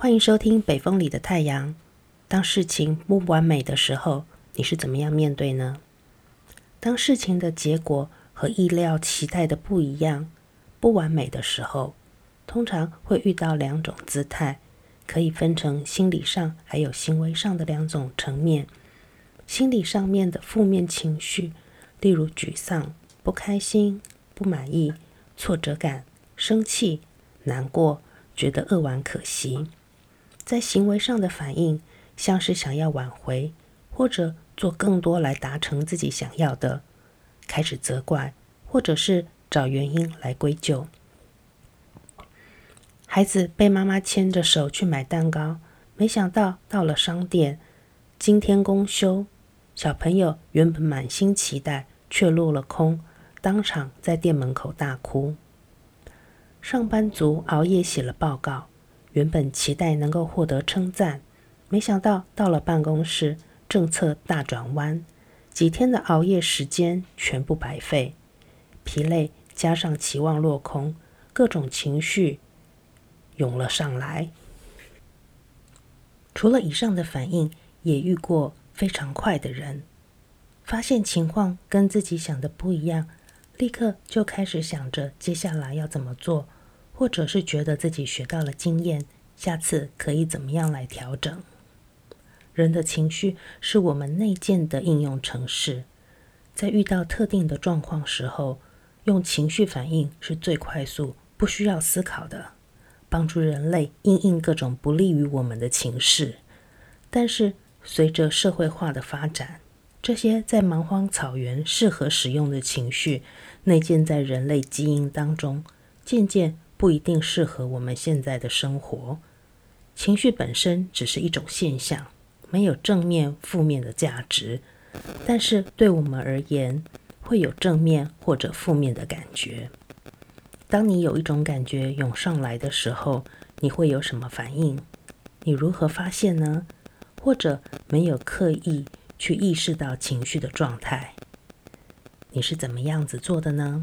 歡迎收聽《北風裡的太陽》。當事情目不完美的時候，你是怎麼樣面對呢？當事情的結果和意料期待的不一樣、不完美的時候，通常會遇到兩種姿態，可以分成心理上還有行為上的兩種層面。心理上面的負面情緒，例如沮喪、不開心、不滿意、挫折感、生氣、難過，覺得扼腕可惜。在行為上的反應，像是想要挽回，或者做更多來達成自己想要的，開始責怪，或者是找原因來歸咎。孩子被媽媽牽着手去買蛋糕，沒想到到了商店，今天公休，小朋友原本滿心期待，卻落了空，當場在店門口大哭。上班族熬夜寫了報告，原本期待能夠獲得稱讚，沒想到到了辦公室，政策大轉彎，幾天的熬夜時間全部白費，疲累加上期望落空，各種情緒湧了上來。除了以上的反應，也遇過非常快的人，發現情況跟自己想的不一樣，立刻就開始想着接下來要怎麼做。或者是覺得自己學到了經驗，下次可以怎麼樣來調整。人的情緒是我們內建的應用程式，在遇到特定的狀況時候，用情緒反應是最快速、不需要思考的，幫助人類因應各種不利於我們的情勢。但是，隨着社會化的發展，這些在蠻荒草原適合使用的情緒，內建在人類基因當中，漸漸不一定適合我們現在的生活。情緒本身只是一種現象，沒有正面負面的價值。但是對我們而言，會有正面或者負面的感覺。當你有一種感覺湧上來的時候，你會有什麼反應？你如何發現呢？或者沒有刻意去意識到情緒的狀態，你是怎麼樣子做的呢？